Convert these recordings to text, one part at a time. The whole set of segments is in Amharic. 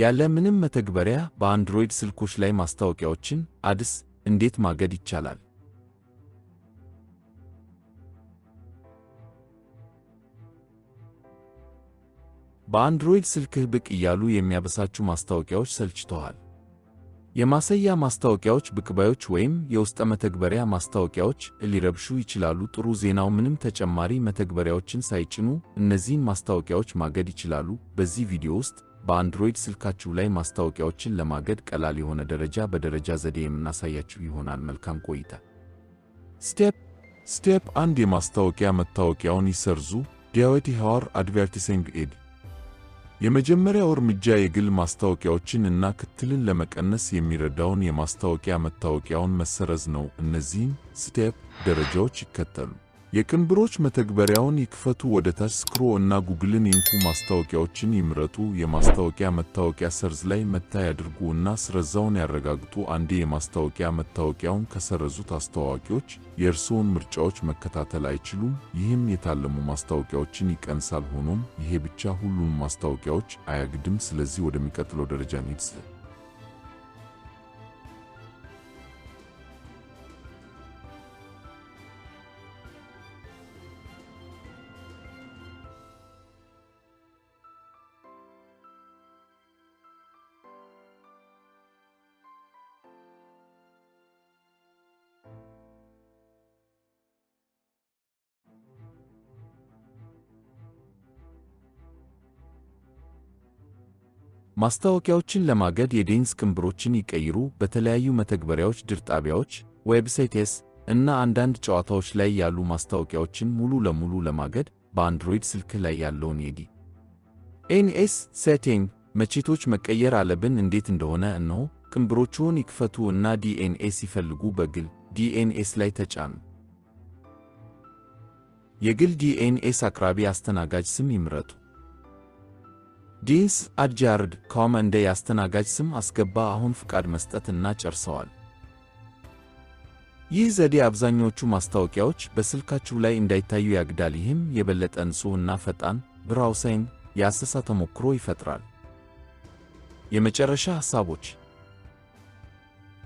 ያለ ምንም መተግበሪያ በአንድሮይድ ስልኮች ላይ ማስታወቂያዎችን አድስ እንዴት ማገድ ይቻላል? በአንድሮይድ ስልክህ ብቅ እያሉ የሚያበሳችሁ ማስታወቂያዎች ሰልችተዋል? የማሰያ ማስታወቂያዎች፣ ብቅባዮች ወይም የውስጠ መተግበሪያ ማስታወቂያዎች ሊረብሹ ይችላሉ። ጥሩ ዜናው ምንም ተጨማሪ መተግበሪያዎችን ሳይጭኑ እነዚህን ማስታወቂያዎች ማገድ ይችላሉ። በዚህ ቪዲዮ ውስጥ በአንድሮይድ ስልካችሁ ላይ ማስታወቂያዎችን ለማገድ ቀላል የሆነ ደረጃ በደረጃ ዘዴ የምናሳያችሁ ይሆናል። መልካም ቆይታ። ስቴፕ ስቴፕ አንድ የማስታወቂያ መታወቂያውን ይሰርዙ። ዲያወቲ ሐዋር አድቨርቲሲንግ ኤድ የመጀመሪያው እርምጃ የግል ማስታወቂያዎችን እና ክትልን ለመቀነስ የሚረዳውን የማስታወቂያ መታወቂያውን መሰረዝ ነው። እነዚህም ስቴፕ ደረጃዎች ይከተሉ። የቅንብሮች መተግበሪያውን ይክፈቱ። ወደ ታች ስክሮ እና ጉግልን ይንኩ። ማስታወቂያዎችን ይምረጡ። የማስታወቂያ መታወቂያ ሰርዝ ላይ መታ ያድርጉ እና ስረዛውን ያረጋግጡ። አንዴ የማስታወቂያ መታወቂያውን ከሰረዙት አስተዋዋቂዎች የእርስዎን ምርጫዎች መከታተል አይችሉም። ይህም የታለሙ ማስታወቂያዎችን ይቀንሳል። ሆኖም ይሄ ብቻ ሁሉም ማስታወቂያዎች አያግድም። ስለዚህ ወደሚቀጥለው ደረጃ እንሂድ። ማስታወቂያዎችን ለማገድ የዴንስ ቅንብሮችን ይቀይሩ። በተለያዩ መተግበሪያዎች፣ ድር ጣቢያዎች፣ ዌብሳይትስ እና አንዳንድ ጨዋታዎች ላይ ያሉ ማስታወቂያዎችን ሙሉ ለሙሉ ለማገድ በአንድሮይድ ስልክ ላይ ያለውን የዲ ኤንኤስ ሴቲንግ መቼቶች መቀየር አለብን። እንዴት እንደሆነ እነሆ። ቅንብሮቹን ይክፈቱ እና ዲኤንኤስ ይፈልጉ። በግል ዲኤንኤስ ላይ ተጫኑ። የግል ዲኤንኤስ አቅራቢ አስተናጋጅ ስም ይምረጡ። ዲንስ አድጃርድ ኮም እንደ የአስተናጋጅ ስም አስገባ አሁን ፍቃድ መስጠትና ጨርሰዋል። ይህ ዘዴ አብዛኞቹ ማስታወቂያዎች በስልካችሁ ላይ እንዳይታዩ ያግዳል። ይህም የበለጠ ንጹሕና ፈጣን ብራውሳይን የአሰሳ ተሞክሮ ይፈጥራል። የመጨረሻ ሐሳቦች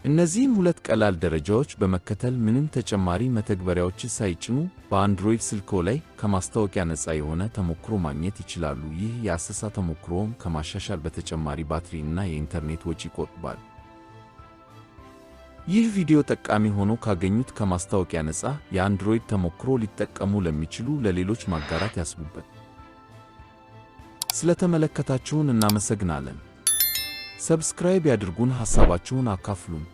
እነዚህን ሁለት ቀላል ደረጃዎች በመከተል ምንም ተጨማሪ መተግበሪያዎች ሳይጭኑ በአንድሮይድ ስልክዎ ላይ ከማስታወቂያ ነፃ የሆነ ተሞክሮ ማግኘት ይችላሉ። ይህ የአሰሳ ተሞክሮውን ከማሻሻል በተጨማሪ ባትሪ እና የኢንተርኔት ወጪ ይቆጥባል። ይህ ቪዲዮ ጠቃሚ ሆኖ ካገኙት ከማስታወቂያ ነፃ የአንድሮይድ ተሞክሮ ሊጠቀሙ ለሚችሉ ለሌሎች ማጋራት ያስቡበት። ስለተመለከታችሁን እናመሰግናለን። ሰብስክራይብ ያድርጉን፣ ሐሳባችሁን አካፍሉን።